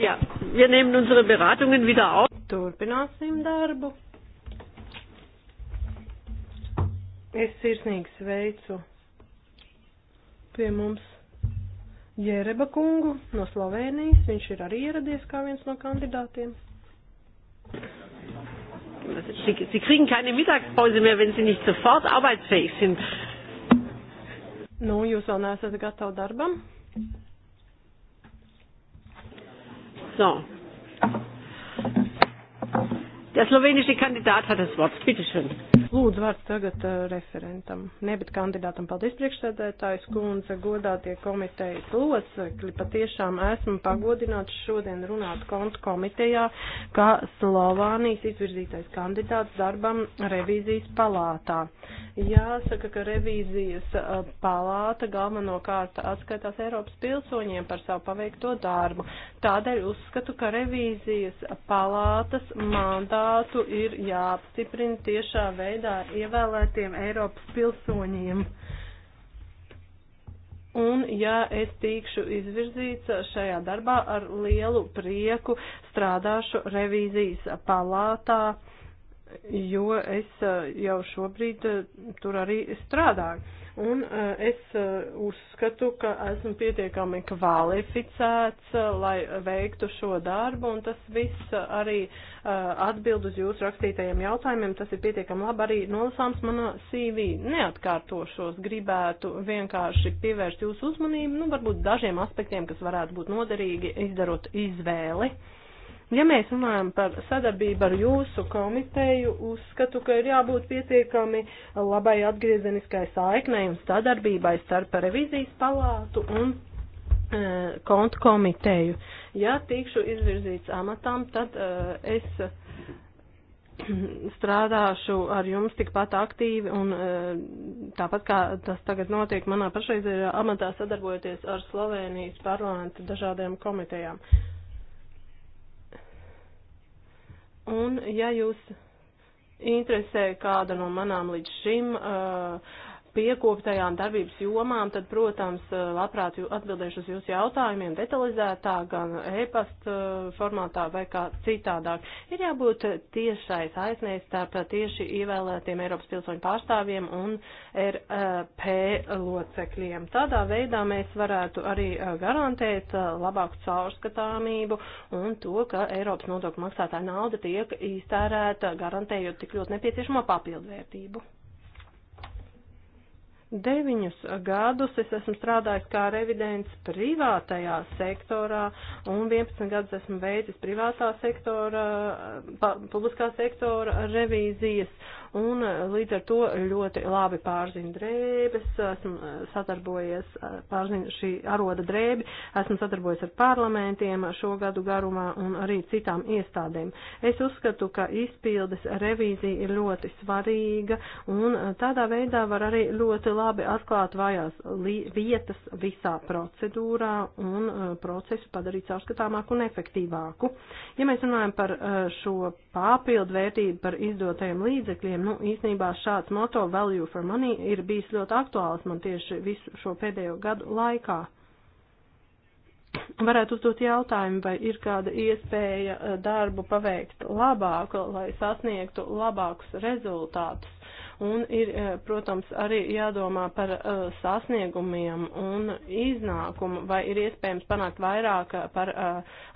Ja, wir nehmen unsere Beratungen wieder auf. Turpināsim darbu. Es sirsnīgi sveicu pie mums Jēreba kungu no Slovenijas. Viņš ir arī ieradies kā viens no kandidātiem. Sie, Sie kriegen keine Mittagspause mehr, wenn Sie nicht sofort arbeitsfähig sind. Nu, jūs vēl neesat gatavi darbam? So. Der slowenische Kandidat hat das Wort. Bitte schön. Lūdzu, vārds tagad uh, referentam, nebet kandidātam. Paldies, priekšsēdētājs kundze, godātie komitejas locekļi. Patiešām esmu pagodināts šodien runāt kontu komitejā, kā Slovānijas izvirzītais kandidāts darbam revīzijas palātā. Jāsaka, ka revīzijas uh, palāta galvenokārt atskaitās Eiropas pilsoņiem par savu paveikto darbu. Tādēļ uzskatu, ka revīzijas palātas mandātu ir jāapstiprina tiešā veidā veidā ievēlētiem Eiropas pilsoņiem. Un, ja es tikšu izvirzīts šajā darbā, ar lielu prieku strādāšu revīzijas palātā jo es eh, jau šobrīd eh, tur arī strādāju. Un eh, es uzskatu, ka esmu pietiekami kvalificēts, lai veiktu šo darbu, un tas viss arī atbild uz jūsu rakstītajiem jautājumiem. Tas ir pietiekami labi arī nolasāms manā CV. Neatkārtošos, gribētu vienkārši pievērst jūsu uzmanību, nu, varbūt dažiem aspektiem, kas varētu būt noderīgi, izdarot izvēli. Uh, Ja mēs runājam par sadarbību ar jūsu komiteju, uzskatu, ka ir jābūt pietiekami labai atgriezeniskai saiknei un sadarbībai starp revizijas palātu un e, kontu komiteju. Ja tikšu izvirzīts amatam, tad uh, es strādāšu ar jums tikpat aktīvi un uh, tāpat kā tas tagad notiek manā pašreizējā amatā sadarbojoties ar Slovenijas parlamentu dažādiem komitejām. Uh, Un ja jūs interesē kāda no manām līdz šim uh, piekoptajām darbības jomām, tad, protams, eh, labprāt atbildēšu uz jūsu jautājumiem detalizētā, gan e-pasta eh, formātā vai kā citādāk. Ir jābūt tiešai saisnēs starp tieši ievēlētiem Eiropas pilsoņu pārstāvjiem un RP locekļiem. Tādā veidā mēs varētu arī eh, garantēt labāku caurskatāmību un to, ka Eiropas nodokļu maksātāja nauda tiek iztērēta, garantējot tik ļoti nepieciešamo papildvērtību. Deviņus gadus es esmu strādājis kā revidents privātajā sektorā un 11 gadus esmu veicis privātā sektora, publiskā sektora revīzijas un eh, līdz ar to ļoti labi pārzinu drēbes, esmu eh, sadarbojies, eh, pārzinu šī aroda drēbi, esmu sadarbojies ar parlamentiem šo gadu garumā un arī citām iestādēm. Es uzskatu, ka izpildes revīzija ir ļoti svarīga un tādā veidā var arī ļoti labi atklāt vajās vietas visā procedūrā un procesu padarīt caurskatāmāku un efektīvāku. Ja mēs runājam par šo papildu vērtību par izdotajiem līdzekļiem, cilvēkiem. Nu, īstenībā šāds moto value for money ir bijis ļoti aktuāls man tieši visu šo pēdējo gadu laikā. Varētu uzdot jautājumu, vai ir kāda iespēja eh, darbu paveikt labāk, lai sasniegtu labākus rezultātus. Un ir, eh, protams, arī jādomā par eh, sasniegumiem un iznākumu, vai ir iespējams panākt vairāk eh, par,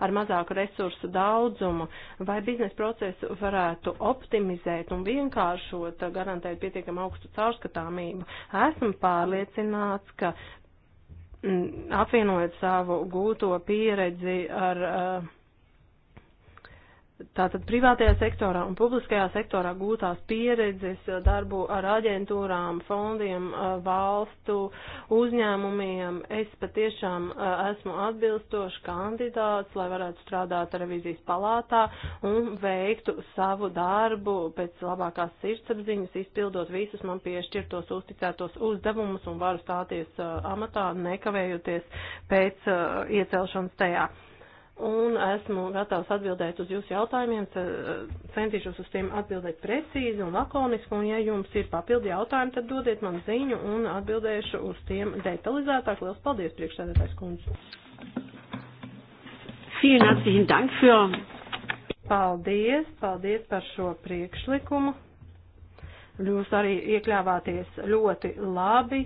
ar mazāku resursu daudzumu, vai biznesa procesu varētu optimizēt un vienkāršot, garantēt pietiekam augstu caurskatāmību. Esmu pārliecināts, ka mm, apvienojot savu gūto pieredzi ar uh, Tātad privātajā sektorā un publiskajā sektorā gūtās pieredzes darbu ar aģentūrām, fondiem, valstu uzņēmumiem. Es patiešām esmu atbilstošs kandidāts, lai varētu strādāt revizijas palātā un veiktu savu darbu pēc labākās sirdsapziņas, izpildot visus man piešķirtos uzticētos uzdevumus un varu stāties amatā, nekavējoties pēc iecelšanas tajā un esmu gatavs atbildēt uz jūsu jautājumiem, centīšos uz tiem atbildēt precīzi un lakoniski, un ja jums ir papildi jautājumi, tad dodiet man ziņu un atbildēšu uz tiem detalizētāk. Lielas paldies, priekšsēdētājs kundze. Vielen herzlichen Dank für. Paldies, paldies par šo priekšlikumu. Jūs arī iekļāvāties ļoti labi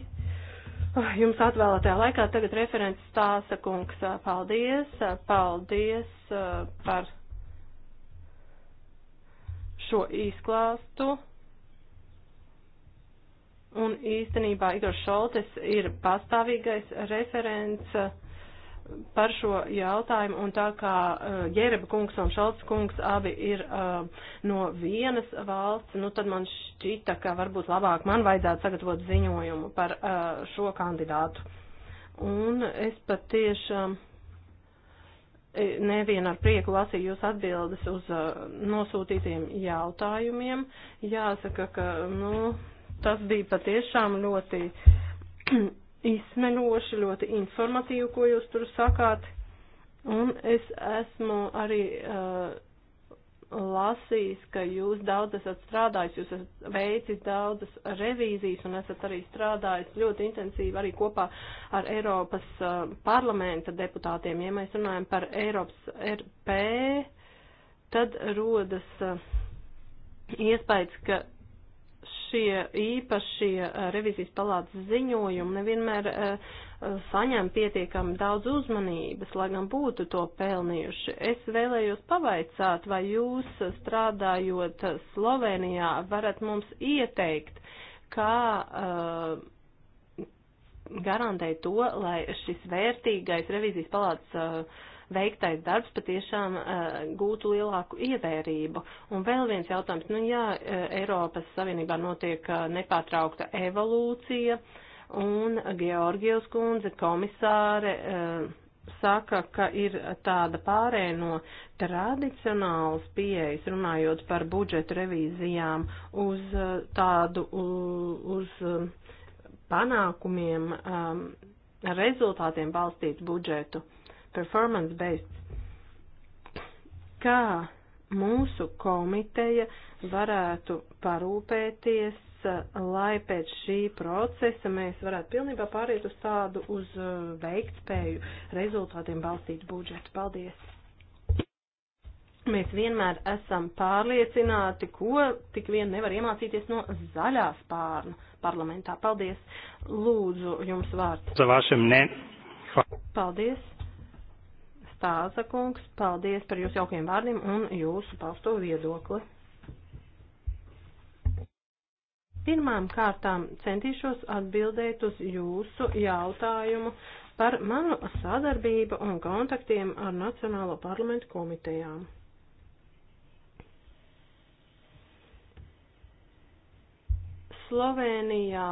Ah, jums atvēlētajā laikā tagad referents stāsta kungs. Ah, paldies, ah, paldies par šo izklāstu. Un īstenībā Igor Šoltes ir pastāvīgais referents par šo jautājumu, un tā kā uh, eh, Jereba kungs un Šalts kungs abi ir uh, no vienas valsts, nu tad man šķita, ka varbūt labāk man vajadzētu sagatavot ziņojumu par uh, šo kandidātu. Un es pat tiešām nevienu ar prieku lasīju jūs atbildes uz uh, nosūtītiem jautājumiem. Jāsaka, ka, nu, tas bija patiešām ļoti izsmeļoši, ļoti informatīvi, ko jūs tur sakāt. Un es esmu arī uh, lasījis, ka jūs daudz esat strādājis, jūs esat veicis daudzas revīzijas un esat arī strādājis ļoti intensīvi arī kopā ar Eiropas uh, parlamenta deputātiem. Ja mēs runājam par Eiropas RP, tad rodas uh, iespējas, ka šie īpašie revizijas palātas ziņojumi nevienmēr saņem pietiekami daudz uzmanības, lai gan būtu to pelnījuši. Es vēlējos pavaicāt, vai jūs strādājot Slovenijā varat mums ieteikt, kā uh, garantēt to, lai šis vērtīgais revizijas palātas uh, veiktais darbs patiešām eh, gūtu lielāku ievērību. Un vēl viens jautājums, nu jā, eh, Eiropas Savienībā notiek eh, nepārtraukta evolūcija, un Georgijos kundze, komisāre, saka, ka ir tāda pārēja no tradicionālas pieejas, runājot par budžetu revīzijām, uz tādu, uz panākumiem, rezultātiem balstītu budžetu performance-based. Kā mūsu komiteja varētu parūpēties, lai pēc šī procesa mēs varētu pilnībā pāriet uz tādu uz veiktspēju rezultātiem balstītu budžetu. Paldies! Mēs vienmēr esam pārliecināti, ko tik vien nevar iemācīties no zaļās pārnu parlamentā. Paldies! Lūdzu, jums vārds. Paldies! Stāza kungs, paldies par jūsu jaukiem vārdiem un jūsu pausto viedokli. Pirmām kārtām centīšos atbildēt uz jūsu jautājumu par manu sadarbību un kontaktiem ar Nacionālo parlamentu komitejām. Slovenijā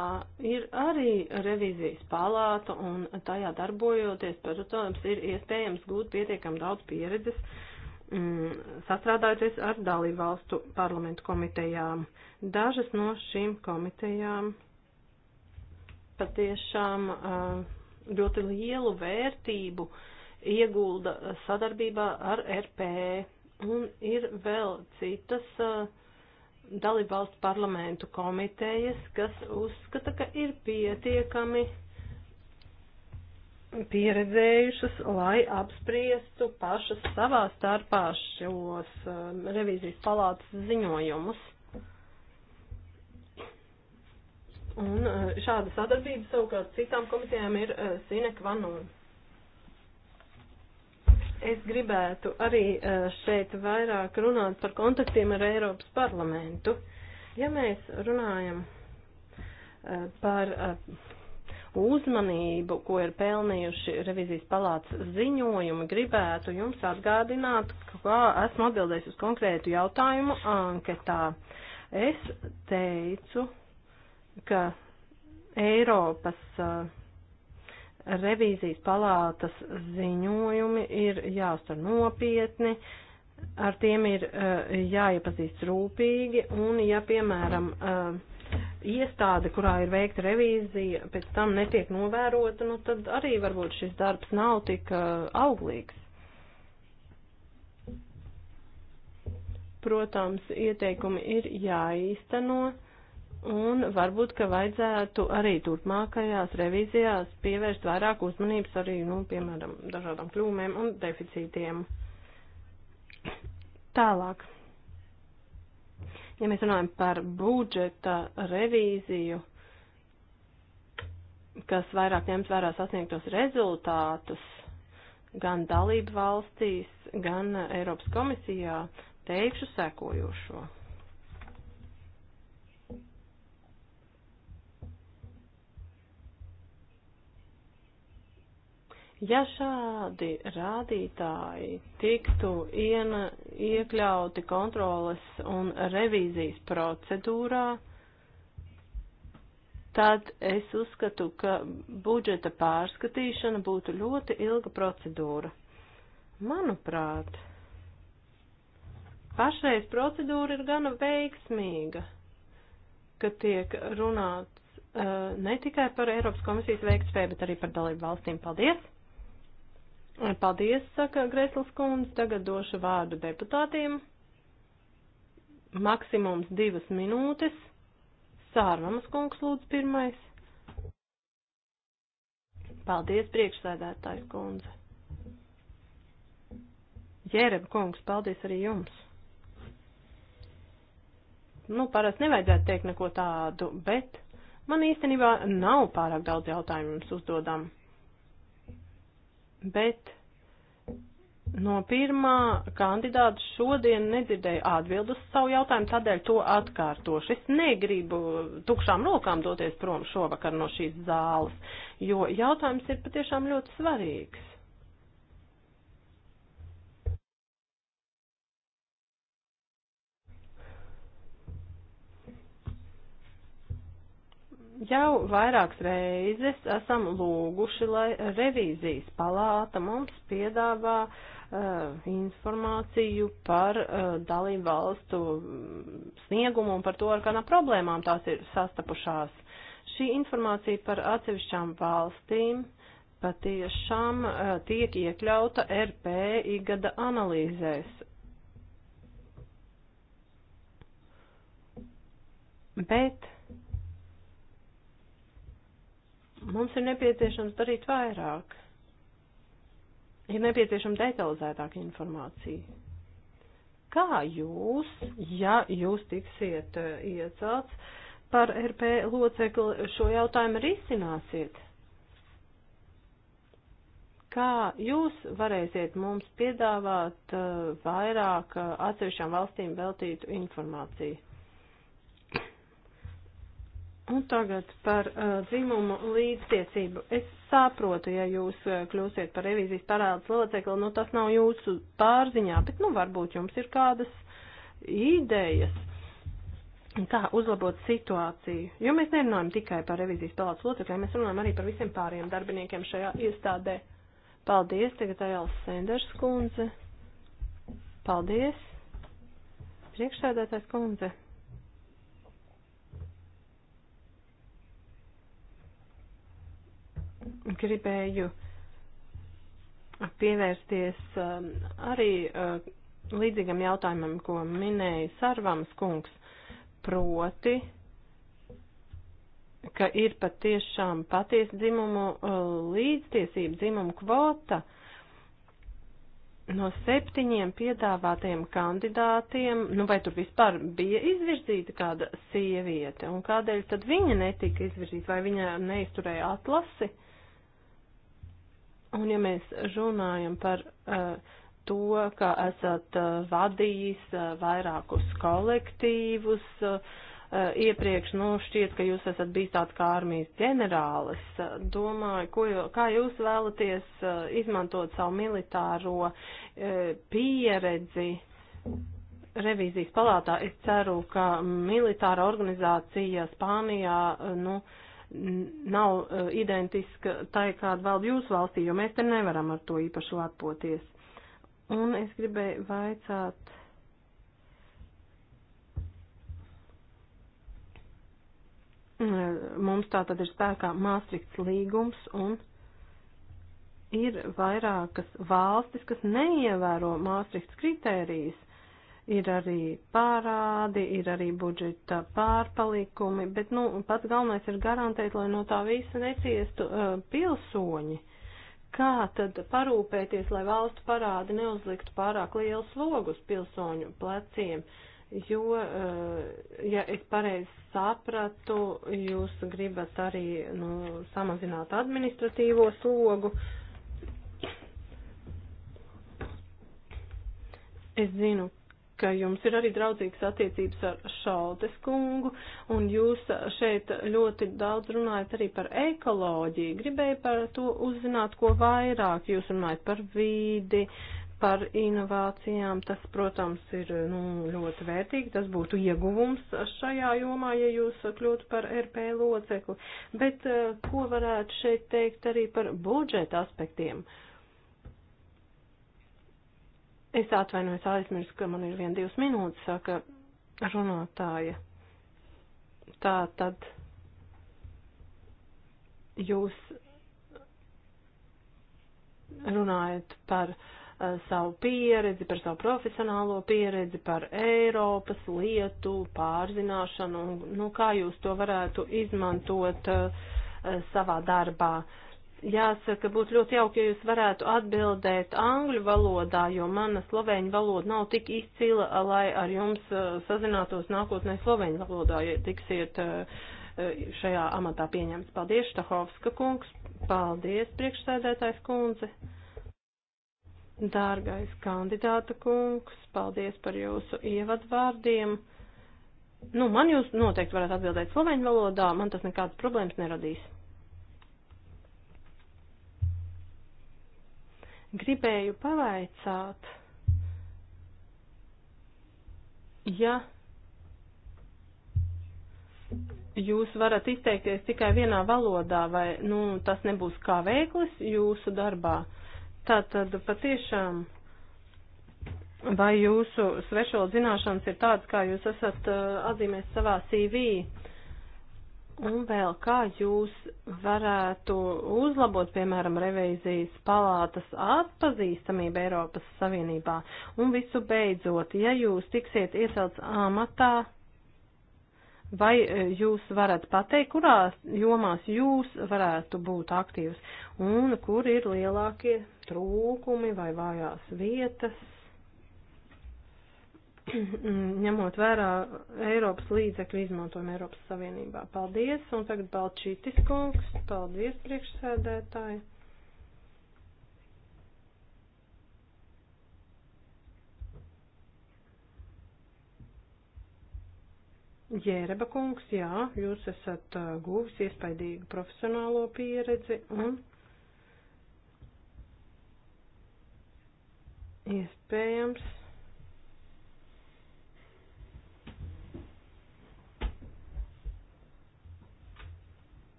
ir arī revizijas palāta, un tajā darbojoties, protams, ir iespējams gūt pietiekam daudz pieredzes, mm, sastrādājoties ar dalībvalstu parlamentu komitejām. Dažas no šīm komitejām patiešām eh, ļoti lielu vērtību iegulda sadarbībā ar RP, un ir vēl citas. Uh, dalībvalstu parlamentu komitejas, kas uzskata, ka ir pietiekami pieredzējušas, lai apspriestu pašas savā starpā šos um, revīzijas palātas ziņojumus. Un uh, šāda sadarbība savukārt citām komitejām ir uh, sine qua non. Es gribētu arī šeit vairāk runāt par kontaktiem ar Eiropas parlamentu. Ja mēs runājam par uzmanību, ko ir pelnījuši revizijas palātas ziņojumi, gribētu jums atgādināt, kā esmu atbildējis uz konkrētu jautājumu anketā. Es teicu, ka Eiropas uh, revīzijas palātas ziņojumi ir jāuztur nopietni, ar tiem ir eh, jāiepazīst rūpīgi, un ja, piemēram, eh, iestāde, kurā ir veikta revīzija, pēc tam netiek novērota, nu tad arī varbūt šis darbs nav tik eh, auglīgs. Protams, ieteikumi ir jāīsteno. Un varbūt, ka vajadzētu arī turpmākajās revīzijās pievērst vairāk uzmanības arī, nu, piemēram, dažādām kļūmēm un deficītiem. Tālāk. Ja mēs runājam par budžeta revīziju, kas vairāk ņems vērā sasniegtos rezultātus gan dalību valstīs, gan Eiropas komisijā, teikšu sekojošo. Ja šādi rādītāji tiktu ien, iekļauti kontroles un revīzijas procedūrā, tad es uzskatu, ka budžeta pārskatīšana būtu ļoti ilga procedūra. Manuprāt, pašreiz procedūra ir gana veiksmīga, ka tiek runāts uh, ne tikai par Eiropas komisijas veiktspēju, bet arī par dalību valstīm. Paldies! Paldies, saka Gresls kundze. Tagad došu vārdu deputātiem. Maksimums divas minūtes. Sārvamas kungs lūdzu pirmais. Paldies, priekšsēdētājs kundze. Jēreba kungs, paldies arī jums. Nu, parasti nevajadzētu teikt neko tādu, bet man īstenībā nav pārāk daudz jautājumu jums uzdodam bet no pirmā kandidāta šodien nedzirdēju atbildu uz savu jautājumu, tādēļ to atkārtošu. Es negribu tukšām rokām doties prom šovakar no šīs zāles, jo jautājums ir patiešām ļoti svarīgs. Jau vairākas reizes esam lūguši, lai revīzijas palāta mums piedāvā uh, informāciju par uh, dalību valstu sniegumu un par to, ar kādām problēmām tās ir sastapušās. Šī informācija par atsevišķām valstīm patiešām uh, tiek iekļauta RP igada analīzēs. Bet Mums ir nepieciešams darīt vairāk. Ir nepieciešama detalizētāka informācija. Kā jūs, ja jūs tiksiet eh, iecelts par RP locekli, šo jautājumu risināsiet? Kā jūs varēsiet mums piedāvāt eh, vairāk eh, atsevišķām valstīm veltītu informāciju? Un tagad par uh, dzimumu līdztiecību. Es saprotu, ja jūs uh, kļūsiet par revīzijas parādas locekli, nu tas nav jūsu pārziņā, bet nu varbūt jums ir kādas idejas, kā uzlabot situāciju. Jo mēs nerunājam tikai par revīzijas parādas locekļiem, mēs runājam arī par visiem pāriem darbiniekiem šajā iestādē. Paldies, tagad Ajāls Senders kundze. Paldies. Priekšsēdētājs kundze. gribēju pievērsties um, arī uh, līdzīgam jautājumam, ko minēja Sarvams kungs, proti, ka ir patiešām paties dzimumu uh, līdztiesība, dzimumu kvota. No septiņiem piedāvātajiem kandidātiem, nu vai tur vispār bija izvirzīta kāda sieviete, un kādēļ tad viņa netika izvirzīta, vai viņa neizturēja atlasi? Uh, Un ja mēs runājam par uh, to, ka esat uh, vadījis uh, vairākus kolektīvus, uh, iepriekš, nu, šķiet, ka jūs esat bijis tāds kā armijas ģenerālis. Domāju, ko, kā jūs vēlaties izmantot savu militāro pieredzi revīzijas palātā? Es ceru, ka militāra organizācija Spānijā, nu, uh, nav e, identiska tai, kāda valda jūsu valstī, jo mēs te nevaram ar to īpaši lepoties. Un es gribēju vaicāt. E, mums tā tad ir spēkā Māstrikts līgums un ir vairākas valstis, kas neievēro Māstrikts kritērijas ir arī pārādi, ir arī budžeta pārpalikumi, bet nu, pats galvenais ir garantēt, lai no tā visa neciestu uh, pilsoņi. Kā tad parūpēties, lai valstu parādi neuzliktu pārāk lielu slogu uz pilsoņu pleciem? Jo, uh, ja es pareizi sapratu, jūs gribat arī nu, samazināt administratīvo slogu, Es zinu, ka jums ir arī draudzīgas attiecības ar Šaltes kungu, un jūs šeit ļoti daudz runājat arī par ekoloģiju. Gribēju par to uzzināt, ko vairāk jūs runājat par vīdi, par inovācijām. Tas, protams, ir nu, ļoti vērtīgi. Tas būtu ieguvums šajā jomā, ja jūs kļūtu par RP locekli. Bet eh, ko varētu šeit teikt arī par budžeta aspektiem? Uh, Es atvainojos, aizmirsu, ka man ir vien divas minūtes, saka runātāja. Tā tad jūs runājat par uh, savu pieredzi, par savu profesionālo pieredzi, par Eiropas lietu pārzināšanu, nu kā jūs to varētu izmantot uh, savā darbā. Uh, Jāsaka, būtu ļoti jauki, ja jūs varētu atbildēt angļu valodā, jo mana sloveņu valoda nav tik izcila, lai ar jums uh, sazinātos nākotnē sloveņu valodā, ja tiksiet uh, uh, šajā amatā pieņemts. Paldies, Štahovska kungs. Paldies, priekšsēdētājs kundze. Dārgais kandidāta kungs, paldies par jūsu ievadvārdiem. Nu, man jūs noteikti varat atbildēt sloveņu valodā, man tas nekādas problēmas neradīs. Gribēju pavaicāt, ja jūs varat izteikties tikai vienā valodā, vai nu, tas nebūs kā veiklis jūsu darbā. Tātad patiešām, vai jūsu svešo zināšanas ir tādas, kā jūs esat uh, atzīmējis savā CV? Un vēl kā jūs varētu uzlabot, piemēram, revīzijas palātas atpazīstamību Eiropas Savienībā? Un visu beidzot, ja jūs tiksiet iecelts amatā, vai e, jūs varat pateikt, kurās jomās jūs varētu būt aktīvs un kur ir lielākie trūkumi vai vājās vietas? ņemot vērā Eiropas līdzekļu izmantojumu Eiropas Savienībā. Paldies, un tagad Balčītis kungs, paldies priekšsēdētāji. Jēreba kungs, jā, jūs esat uh, guvis iespaidīgu profesionālo pieredzi un iespējams.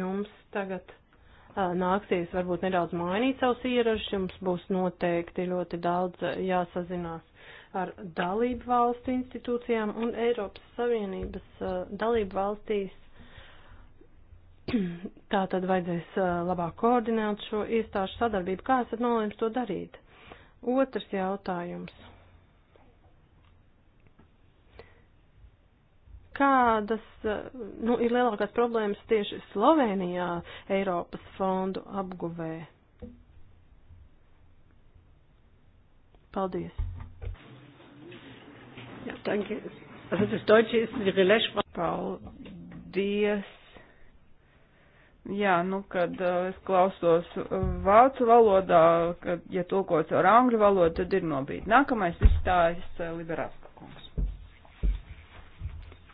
jums tagad nāksies varbūt nedaudz mainīt savus ierašus, jums būs noteikti ļoti daudz jāsazinās ar dalību valstu institūcijām un Eiropas Savienības dalību valstīs. Tā tad vajadzēs labāk koordinēt šo iestāžu sadarbību. Kā esat nolēmis to darīt? Otrs jautājums. kādas eh, nu, ir lielākās problēmas tieši Slovenijā Eiropas fondu apguvē? Paldies. Ja, danke. Also das Deutsche ist die Relaissprache. Paldies. Jā, nu, kad uh, es klausos eh, vācu valodā, kad, ja tulkots ar angļu valodu, tad ir nobīdi. Nākamais izstājas uh, liberāls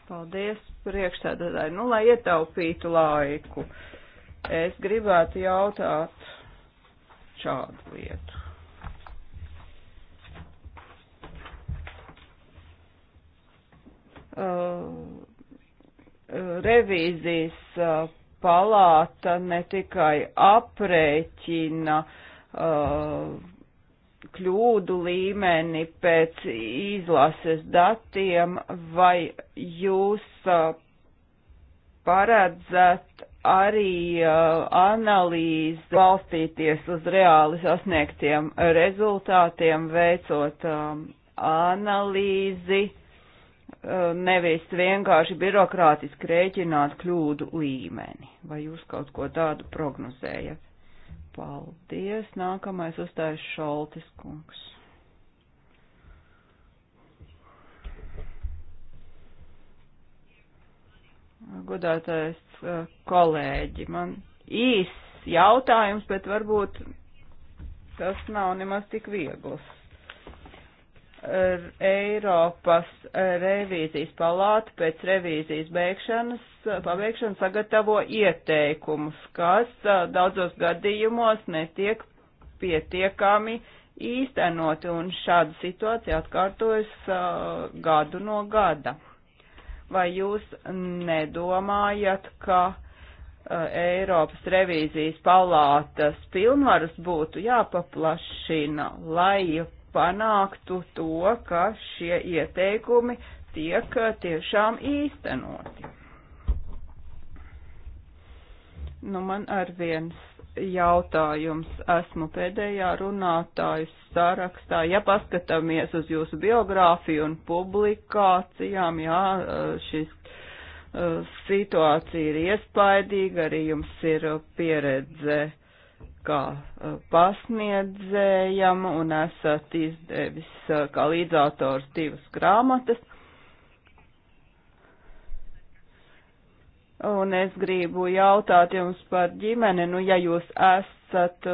Paldies, priekšsēdētāji. Nu, lai ietaupītu laiku, es gribētu jautāt šādu lietu. Uh, revīzijas uh, palāta ne tikai aprēķina uh, kļūdu līmeni pēc izlases datiem, vai jūs paredzat arī analīzi balstīties uz reāli sasniegtiem rezultātiem, veicot analīzi, nevis vienkārši birokrātiski rēķināt kļūdu līmeni, vai jūs kaut ko tādu prognozējat? Paldies. Nākamais uzstājas Šoltis kungs. Godātais uh, kolēģi, man īs jautājums, bet varbūt tas nav nemaz tik viegls. Eiropas revīzijas palāta pēc revīzijas beigšanas, pabeigšanas sagatavo ieteikumus, kas daudzos gadījumos netiek pietiekami īstenoti, un šāda situācija atkārtojas uh, gadu no gada. Vai jūs nedomājat, ka uh, Eiropas revīzijas palātas pilnvaras būtu jāpaplašina, lai panāktu to, ka šie ieteikumi tiek eh, tiešām īstenoti. Nu, man ar viens jautājums. Esmu pēdējā runātājas sarakstā. Ja paskatāmies uz jūsu biogrāfiju un publikācijām, jā, eh, šis eh, situācija ir iespaidīga, arī jums ir pieredze uh, kā pasniedzējam un esat izdevis kā līdzautors divas grāmatas. Un es gribu jautāt jums par ģimeni, nu ja jūs esat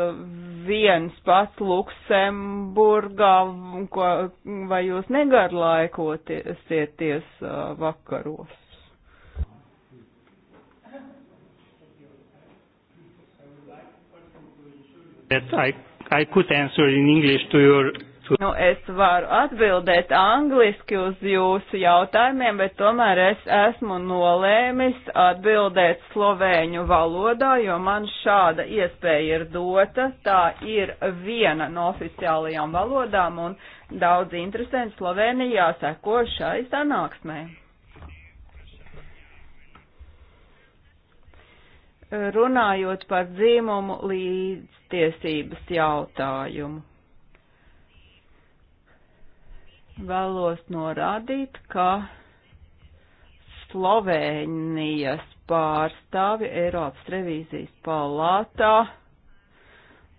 viens pats Luksemburgā, ko, vai jūs negarlaikosieties vakaros? I, I could answer in English to your Nu, es varu atbildēt angliski uz jūsu jautājumiem, bet tomēr es esmu nolēmis atbildēt slovēņu valodā, jo man šāda iespēja ir dota. Tā ir viena no oficiālajām valodām un daudz interesanti Slovenijā seko šai sanāksmē. runājot par dzīmumu līdztiesības jautājumu. Vēlos norādīt, ka Slovēnijas pārstāvi Eiropas revīzijas palātā,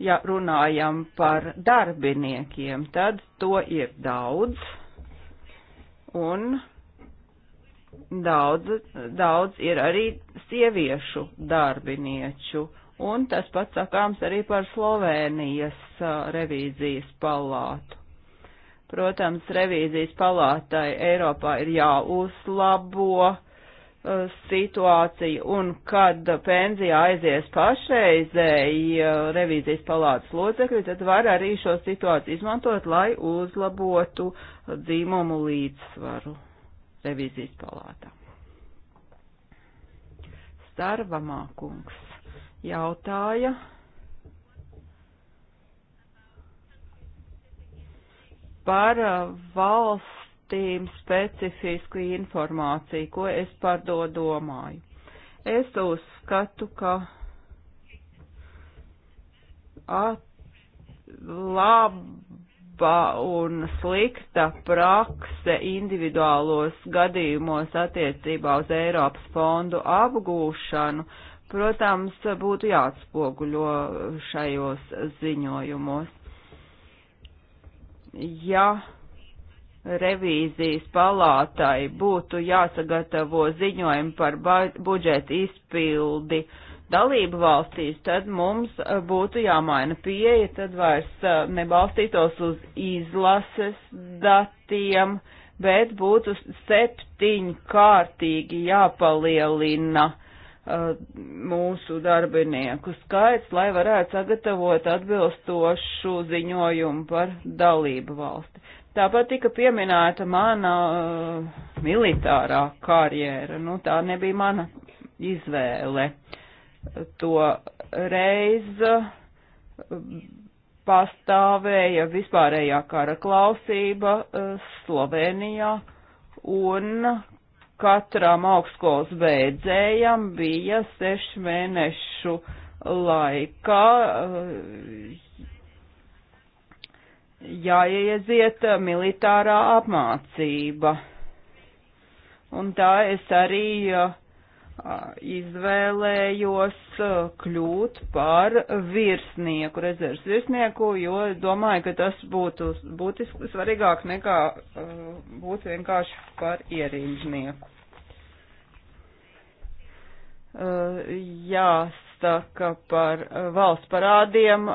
ja runājam par darbiniekiem, tad to ir daudz. Un daudz, daudz ir arī sieviešu darbinieču, un tas pats sakāms arī par Slovēnijas revīzijas palātu. Protams, revīzijas palātai Eiropā ir jāuzlabo uh, situācija, un kad pensijā aizies pašreizēji uh, revīzijas palātas locekļi, tad var arī šo situāciju izmantot, lai uzlabotu dzimumu līdzsvaru revīzijas palātā. Starvamā kungs jautāja, par uh, valstīm specifisku informāciju, ko es par to domāju. Es uzskatu, ka at, lab, laba un slikta prakse individuālos gadījumos attiecībā uz Eiropas fondu apgūšanu, protams, būtu jāatspoguļo šajos ziņojumos. Ja revīzijas palātai būtu jāsagatavo ziņojumi par budžeta izpildi, uh, dalību valstīs, tad mums eh, būtu jāmaina pieeja, tad vairs eh, nebalstītos uz izlases datiem, bet būtu septiņkārtīgi jāpalielina uh, mūsu darbinieku skaits, lai varētu sagatavot atbilstošu ziņojumu par dalību valsti. Tāpat tika pieminēta mana uh, militārā karjera, nu tā nebija mana izvēle. Uh, to reiz uh, pastāvēja vispārējā kara klausība uh, Slovenijā un katram augstskolas beidzējam bija sešu mēnešu laikā uh, jāieziet militārā apmācība. Un tā es arī uh, izvēlējos eh, kļūt par virsnieku, rezerves virsnieku, jo domāju, ka tas būtu būtiski svarīgāk nekā eh, būt vienkārši par ierīdznieku. Eh, jāsaka par valsts parādiem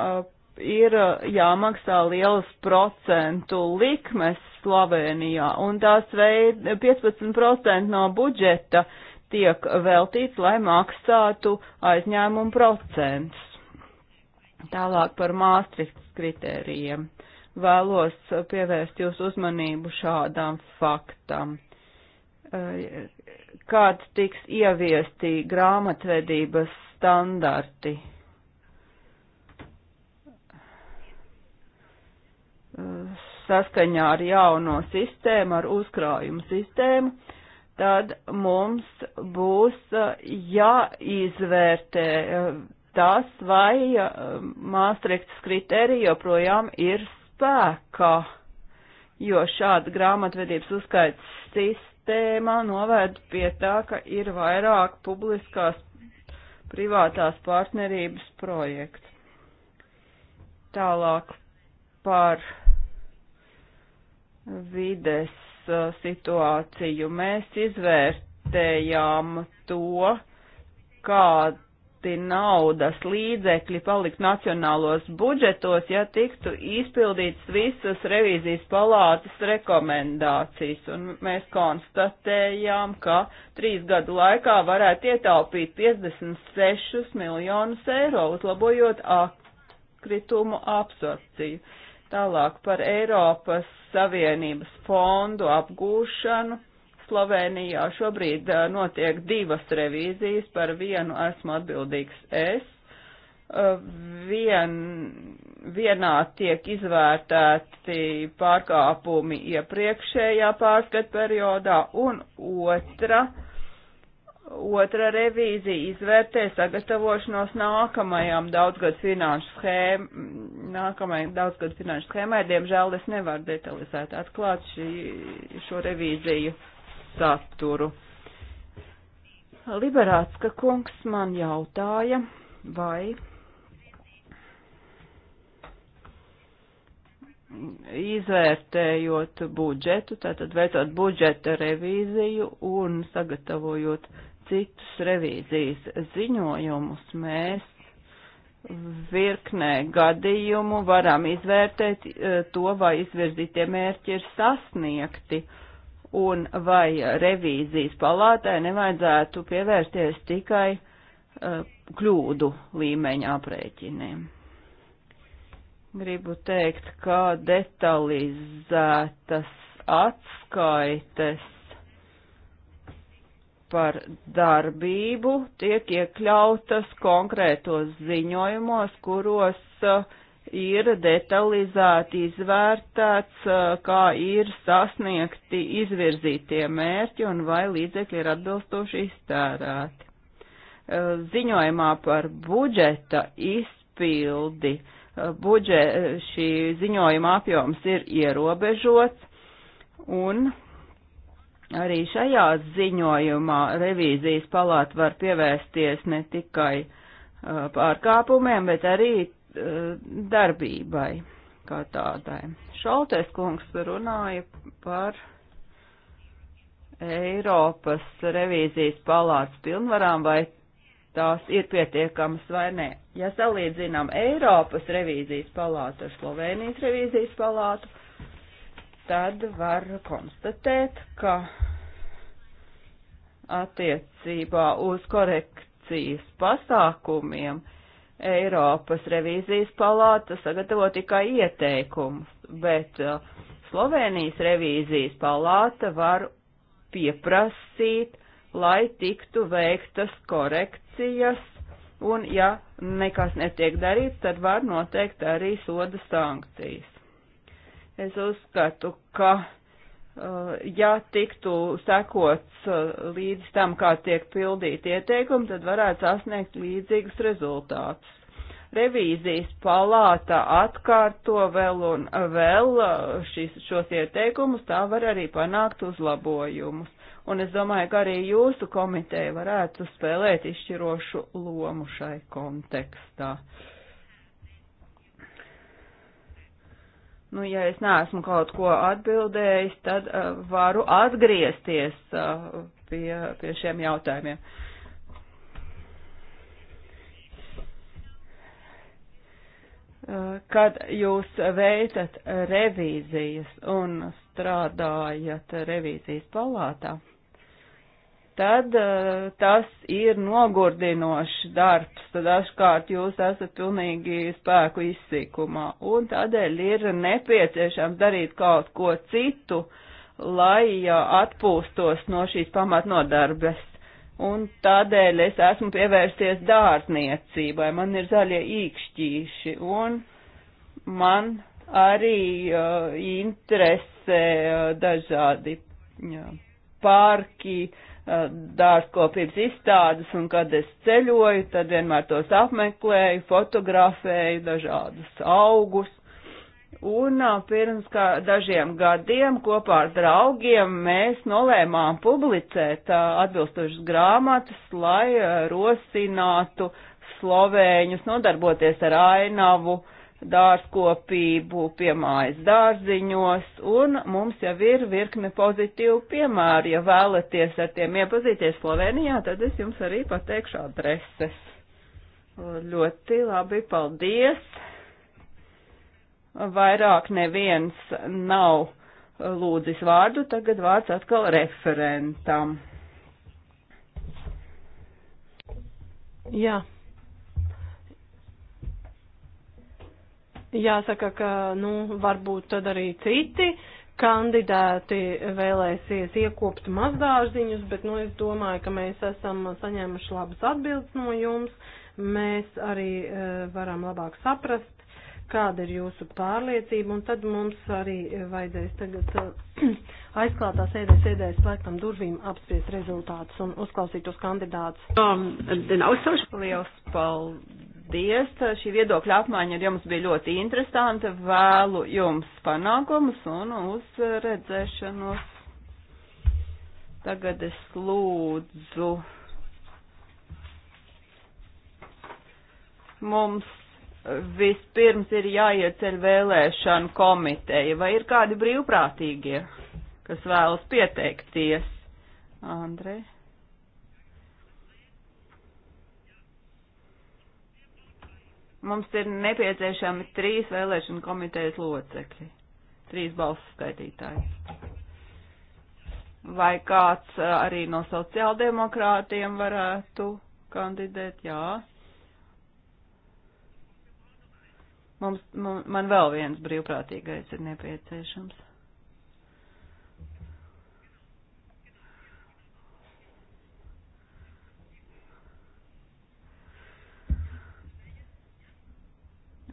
ir jāmaksā lielas procentu likmes Slovenijā, un tās veid 15% no budžeta uh, tiek veltīts, lai maksātu aizņēmumu procents. Tālāk par māstriktas kritērijiem. Vēlos pievērst jūsu uzmanību šādām faktām. Eh, kāds tiks ieviesti grāmatvedības standarti? Eh, saskaņā ar jauno sistēmu, ar uzkrājumu sistēmu tad mums būs uh, jāizvērtē uh, tas, vai uh, Māstriktas kriterija joprojām ir spēkā, jo šāda grāmatvedības uzskaits sistēma noved pie tā, ka ir vairāk publiskās privātās partnerības projekts. Tālāk par vides Uh, situāciju. Mēs izvērtējām to, kādi naudas līdzekļi palikt nacionālos budžetos, ja tiktu izpildīts visas revīzijas palātas rekomendācijas. Un mēs konstatējām, ka trīs gadu laikā varētu ietaupīt 56 miljonus eiro, uzlabojot kritumu absorpciju. Tālāk par Eiropas Savienības fondu apgūšanu. Slovenijā šobrīd notiek divas revīzijas, par vienu esmu atbildīgs es. Vien, vienā tiek izvērtēti pārkāpumi iepriekšējā pārskat periodā, un otra uh, Otra revīzija izvērtē sagatavošanos nākamajam daudzgad finanšu schēmai, nākamajai daudzgad finanšu schēmai. Diemžēl es nevaru detalizēt atklāt šī, šo revīziju saturu. Liberātska kungs man jautāja, vai izvērtējot budžetu, tātad veicot budžeta revīziju un sagatavojot uh, citus revīzijas ziņojumus, mēs virknē gadījumu varam izvērtēt e, to, vai izvirzītie mērķi ir sasniegti un vai revīzijas palātai nevajadzētu pievērsties tikai uh, kļūdu līmeņa aprēķiniem. Gribu teikt, ka detalizētas atskaites par darbību tiek iekļautas konkrētos ziņojumos, kuros uh, ir detalizēti izvērtēts, uh, kā ir sasniegti izvirzītie mērķi un vai līdzekļi ir atbilstoši iztērēti. Uh, ziņojumā par budžeta izpildi budžet, šī ziņojuma apjoms ir ierobežots un arī šajā ziņojumā revīzijas palāta var pievērsties ne tikai uh, pārkāpumiem, bet arī uh, darbībai kā tādai. Šaltais kungs runāja par Eiropas revīzijas palātas pilnvarām, vai tās ir pietiekamas vai nē. Ja salīdzinām Eiropas revīzijas palātu ar Slovenijas revīzijas palātu, tad var konstatēt, ka attiecībā uz korekcijas pasākumiem Eiropas revīzijas palāta sagatavo tikai ieteikumus, bet uh, Slovenijas revīzijas palāta var pieprasīt, lai tiktu veiktas korekcijas, un ja nekas netiek darīts, tad var noteikt arī soda sankcijas. Es uzskatu, ka uh, ja tiktu sekots uh, līdz tam, kā tiek pildīti ieteikumi, tad varētu sasniegt līdzīgus rezultātus. Revīzijas palāta atkārto vēl un vēl uh, šis, šos ieteikumus, tā var arī panākt uzlabojumus. Un es domāju, ka arī jūsu komiteja varētu spēlēt izšķirošu lomu šai kontekstā. Uh, Nu, ja es neesmu kaut ko atbildējis, tad uh, varu atgriezties uh, pie, pie šiem jautājumiem. Uh, kad jūs veicat revīzijas un strādājat revīzijas palātā, uh, tad uh, tas ir nogurdinošs darbs, tad dažkārt jūs esat pilnīgi spēku izsīkumā, un tādēļ ir nepieciešams darīt kaut ko citu, lai uh, atpūstos no šīs pamatnodarbes. Un tādēļ es esmu pievērsies dārzniecībai, man ir zaļie īkšķīši, un man arī uh, interesē uh, dažādi jā, parki, uh, dārzkopības izstādes, un kad es ceļoju, tad vienmēr tos apmeklēju, fotografēju dažādus augus. Un pirms kā dažiem gadiem kopā ar draugiem mēs nolēmām publicēt atbilstošas grāmatas, lai rosinātu slovēņus nodarboties ar ainavu uh, dārzkopību pie mājas dārziņos, un mums jau ir virkne pozitīvu piemēru. Ja vēlaties ar tiem iepazīties Slovenijā, tad es jums arī pateikšu adreses. Ļoti labi, paldies! Vairāk neviens nav lūdzis vārdu, tagad vārds atkal referentam. Jā. Yeah. Jāsaka, ka, nu, varbūt tad arī citi kandidāti vēlēsies iekopt mazdārziņus, bet, nu, es domāju, ka mēs esam saņēmuši labas atbildes no jums. Mēs arī uh, varam labāk saprast, kāda ir jūsu pārliecība, un tad mums arī vajadzēs tagad e, aizklātā sēdē sēdēs slēgtam durvīm apspriest rezultātus un uzklausīt tos uz kandidātus. Um, Liels paldies! paldies. Šī viedokļa apmaiņa ar jums bija ļoti interesanta. Vēlu jums panākumus un uzredzēšanos. Tagad es lūdzu mums vispirms ir jāieceļ vēlēšanu komiteja, vai ir kādi brīvprātīgie, kas vēlas pieteikties? Andrei. Mums ir nepieciešami trīs vēlēšana komitejas locekļi, trīs balsu skaitītāji. Vai kāds eh, arī no sociāldemokrātiem varētu kandidēt? Jā. Mums, man, man vēl viens brīvprātīgais ir nepieciešams.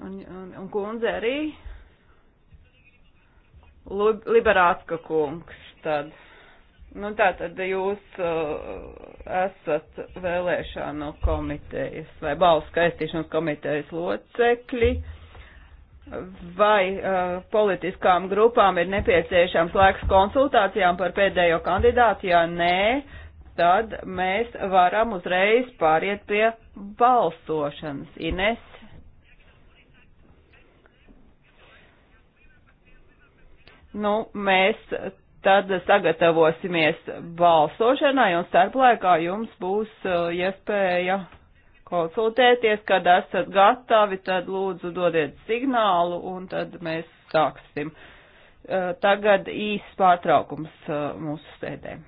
un, un, un kundze arī. Liberātska kungs tad. Nu tā tad jūs uh, esat vēlēšanu komitejas vai balsu skaitīšanas komitejas locekļi. Vai uh, politiskām grupām ir nepieciešams laiks konsultācijām par pēdējo kandidātu? Ja nē, tad mēs varam uzreiz pāriet pie balsošanas. Ines Nu, mēs tad sagatavosimies balsošanai un starplaikā jums būs uh, iespēja konsultēties, kad esat gatavi, tad lūdzu dodiet signālu un tad mēs sāksim. Uh, tagad īsts pārtraukums uh, mūsu sēdēm.